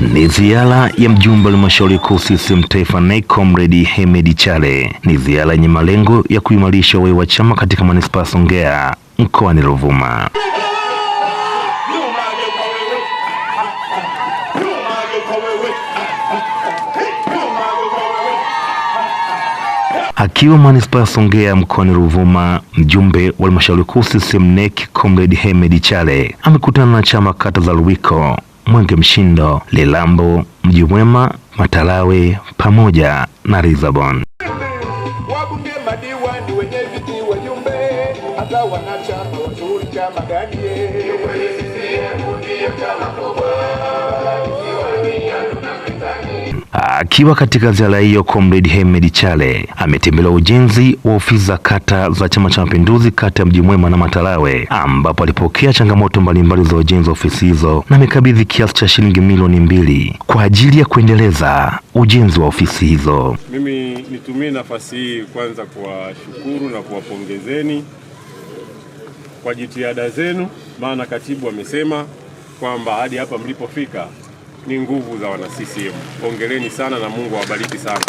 Ni ziara ya mjumbe wa halmashauri kuu CCM taifa NEC Comrade Hemed Chale. Ni ziara yenye malengo ya kuimarisha uwepo wa chama katika manispaa Songea mkoani Ruvuma. Akiwa manispaa Songea mkoani Ruvuma, mjumbe wa halmashauri kuu CCM NEC Comrade Hemed Chale amekutana na chama kata za Ruwiko Mwenge Mshindo, Lilambo, Mji Mwema, Matalawe pamoja na Rizabon. Wabunge, madiwani, Akiwa katika ziara hiyo, Comrade Hemed Chale ametembelea ujenzi wa ofisi za kata za Chama cha Mapinduzi kata ya Mji Mwema na Matalawe, ambapo alipokea changamoto mbalimbali za ujenzi wa ofisi hizo na amekabidhi kiasi cha shilingi milioni mbili kwa ajili ya kuendeleza ujenzi wa ofisi hizo. Mimi nitumie nafasi hii kwanza kuwashukuru na kuwapongezeni kwa jitihada zenu, maana katibu amesema kwamba hadi hapa mlipofika ni nguvu za wana CCM. Hongereni sana na Mungu awabariki sana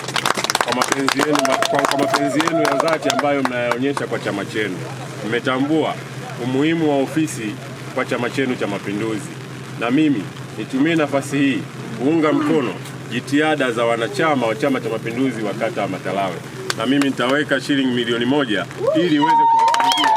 kwa mapenzi yenu, kwa mapenzi yenu ya dhati ambayo mnayaonyesha kwa chama chenu. Mmetambua umuhimu wa ofisi kwa chama chenu cha Mapinduzi, na mimi nitumie nafasi hii kuunga mkono jitihada za wanachama wa Chama cha Mapinduzi wa kata ya Matalawe, na mimi nitaweka shilingi milioni moja ili iweze kuwasaidia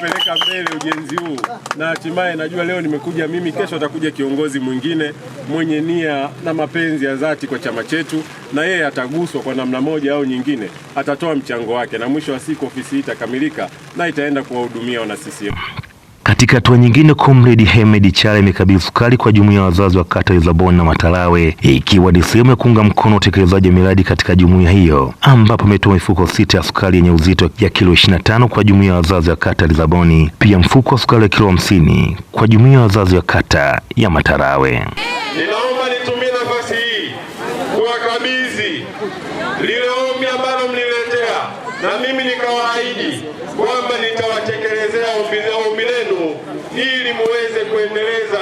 kupeleka mbele ujenzi huu, na hatimaye najua leo nimekuja mimi, kesho atakuja kiongozi mwingine mwenye nia na mapenzi ya dhati kwa chama chetu, na yeye ataguswa kwa namna moja au nyingine, atatoa mchango wake, na mwisho wa siku ofisi hii itakamilika na itaenda kuwahudumia wana CCM. Katika hatua nyingine, Comrade Hemed Chale imekabidhi sukari kwa jumuiya ya wazazi wa kata ya na Matalawe ikiwa ni sehemu ya kuunga mkono utekelezaji wa miradi katika jumuiya hiyo, ambapo ametoa mifuko sita ya sukari yenye uzito ya kilo 25 kwa jumuiya ya wazazi wa kata ya Zaboni, pia mfuko wa sukari wa kilo 50 kwa jumuiya ya wazazi wa kata ya Matalawe. mimi kwamba nitawatekelezea ombi lenu ili muweze kuendeleza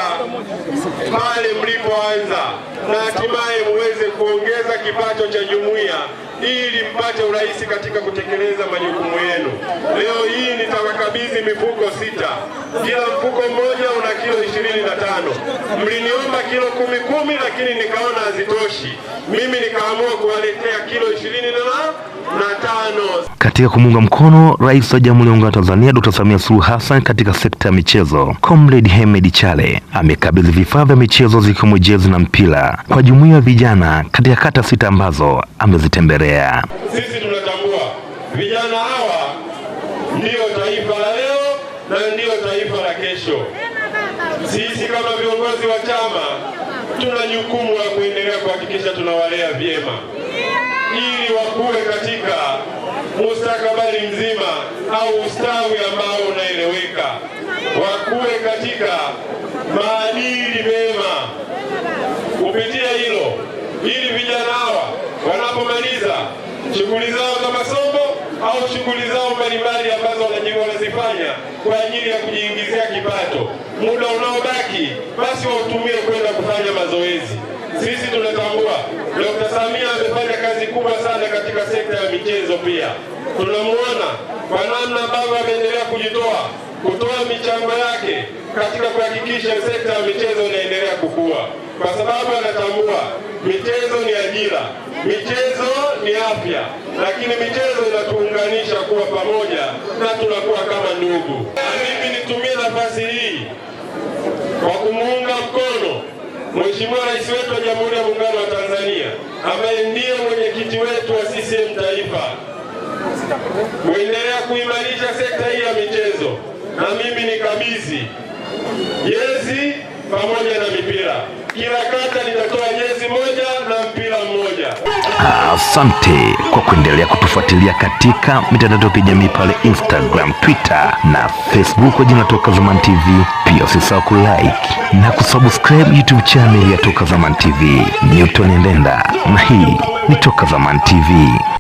pale mlipoanza na hatimaye muweze kuongeza kipato cha jumuiya ili mpate urahisi katika kutekeleza majukumu yenu. Leo hii nitawakabidhi mifuko sita, kila mfuko mmoja kilo ishirini na tano. Mliniomba kilo kumi kumi, lakini nikaona hazitoshi, mimi nikaamua kuwaletea kilo ishirini na Katika kumuunga mkono Rais wa Jamhuri ya Muungano wa Tanzania Dr. Samia Suluhu Hassan katika sekta ya michezo, Comrade Hemed Chale amekabidhi vifaa vya michezo zikiwemo jezi na mpira kwa jumuiya ya vijana katika kata sita ambazo amezitembelea. taifa la kesho. Sisi kama viongozi wa chama tuna jukumu la kuendelea kuhakikisha tunawalea vyema ili wakuwe katika mustakabali mzima au ustawi ambao unaeleweka, wakuwe katika maadili mema. Kupitia hilo, ili vijana hawa wanapomaliza shughuli zao za masomo au shughuli zao mbalimbali ambazo wanazifanya kwa ajili ya kujiingizia kipato, muda unaobaki basi wautumie kwenda kufanya mazoezi. Sisi tunatambua Dr. Samia amefanya kazi kubwa sana katika sekta ya michezo. Pia tunamwona kwa namna ambavyo ameendelea kujitoa kutoa michango yake katika kuhakikisha sekta ya michezo inaendelea kukua, kwa sababu anatambua michezo ni ajira, michezo ni afya, lakini michezo inatuunganisha kuwa pamoja na tunakuwa kama ndugu. mimi nitumie nafasi hii kwa kumuunga mkono Mheshimiwa Rais wetu wa Jamhuri ya Muungano wa Tanzania ambaye ndiye mwenyekiti wetu wa CCM Taifa kuendelea kuimarisha sekta hii ya michezo na mimi kabizi jezi pamoja na mipira. Kila kata nitatoa jezi moja na mpira mmoja. Asante kwa kuendelea kutufuatilia katika mitandao ya kijamii pale Instagram, Twitter na Facebook kwa jina Toka Zamani TV. Pia usisahau kulike na kusubscribe YouTube channel ya Toka Zamani TV. Newton Ndenda na hii ni Toka Zamani TV.